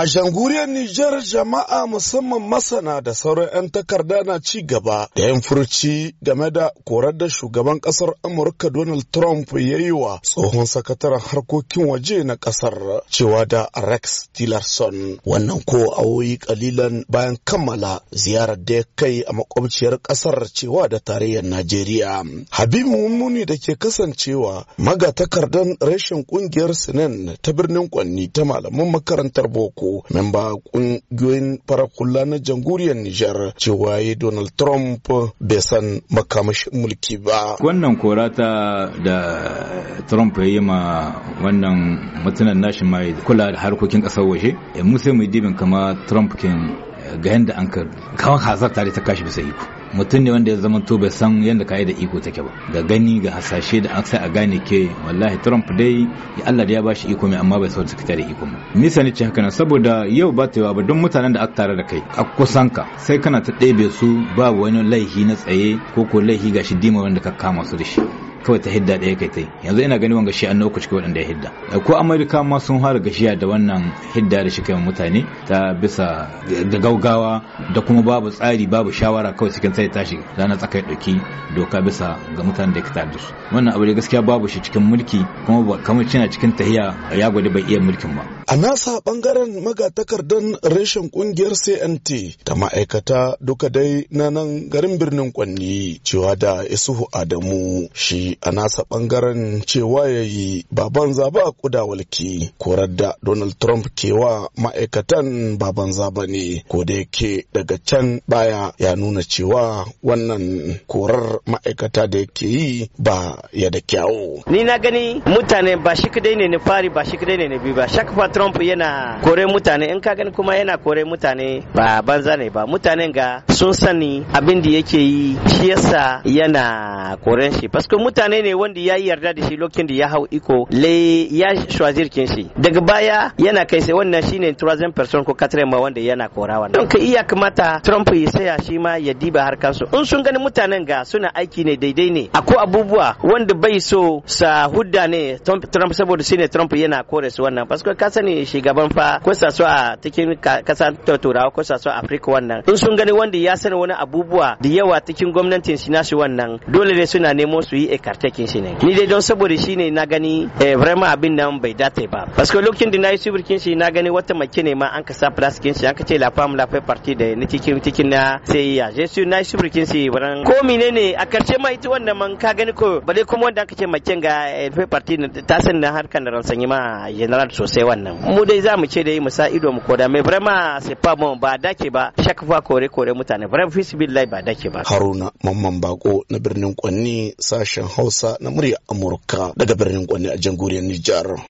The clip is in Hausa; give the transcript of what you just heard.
A janguriyar Nijar jama'a musamman masana da sauran 'yan takarda na ci gaba da yin furci game da korar da shugaban kasar Amurka Donald Trump ya yi wa tsohon sakataren harkokin waje na kasar cewa da Rex Tillerson. Wannan ko awoyi kalilan bayan kammala ziyarar da ya kai a makwabciyar kasar cewa da tarayyar Najeriya. Habibu Mummuni da ke kasancewa magatakardan rashin kungiyar Sinan ta birnin Kwanni ta malaman makarantar Boko. memba kungiyoyin farar hula na jamhuriyar Nijar cewa ya Donald Trump bai san makamashin mulki ba. Wannan korata da Trump ya yi ma wannan mutunan nashi mai kula da harkokin ƙasar waje, eh, mu sai mu dibin kama Trump kin ga yadda an ka kawan hasar tare ta kashi bisa iko mutum ne wanda ya zama to bai san yadda ka da iko take ba ga gani ga hasashe da an sai a gane ke wallahi Trump dai ya Allah da ya bashi iko mai amma bai san ta da iko ba nisa ne ce haka nan saboda yau ba ta ba don mutanen da aka tare da kai a kusan ka sai kana ta ɗebe su babu wani laihi na tsaye ko ko laihi gashi dima wanda ka kama su da shi kawai ta hidda ɗaya kai ta yanzu ina gani wanga shi an nauku cikin waɗanda ya hidda ko amurka ma sun fara gashiya da wannan hidda da shi kai mutane ta bisa da gaugawa da kuma babu tsari babu shawara kawai cikin sai tashi rana tsakai ɗauki doka bisa ga mutanen da ke tare da su wannan abu da gaskiya babu shi cikin mulki kuma kamar cina cikin tahiya ya gwada bai iya mulkin ba A nasa bangaren magatakardan reshen ƙungiyar CNT ta ma'aikata duka dai na nan garin birnin Kwanni cewa da Isuhu Adamu shi a nasa bangaren cewa ya yi baban zaba kuda walki korar da Donald Trump kewa ma'aikatan baban zaba ne ko da yake daga can baya ya nuna cewa wannan korar ma'aikata da yake yi ba ya da kyawu. Ni na gani mutane ba shi kadai ne na fari ba shi kadai ne na biyu ba. Trump yana kore mutane in ka gani kuma yana kore mutane ba banza ne ba mutanen ga sun sani abin da yake yi shi yasa yana kore shi fasko mutane ne wanda ya yarda da shi lokacin da ya hau iko le ya kin shi daga baya yana kai sai wannan shine tourism person ko katre ma wanda yana korawa don ka iya kamata Trump ya saya shi ma ya diba su in sun gani mutanen ga suna aiki ne daidai ne akwai abubuwa wanda bai so sa hudda ne Trump saboda shine Trump yana kore su wannan paske ka sani ne shugaban fa ko sa so a cikin kasan turawa ko sa so Afirka wannan in sun gani wanda ya sani wani abubuwa da yawa cikin gwamnatin shi nasu wannan dole ne suna nemo su yi ekartekin shi ne ni dai don saboda shi ne na gani eh, vraiment abin nan bai dace ba parce que lokacin da na yi subirkin shi na gani wata mace ne ma an ka sa plastikin shi an ka ce la femme la fait partie da ni cikin cikin na sai ya je su na yi shi wannan ko menene a karshe ma ita wannan man ka gani ko ba kuma wanda aka ce mace ga eh, fait partie ta san na harkan da sanyi ma eh, general sosai wannan mu dai za mu ce da yi sa ido mu koda mai vraiment c'est pas bon ba dake ba chaque fa kore kore mutane vraiment fisbillahi ba dake ba Haruna Mamman Bako na birnin Kwanni sashen Hausa na murya Amurka daga birnin Kwanni a jamhuriyar Nijar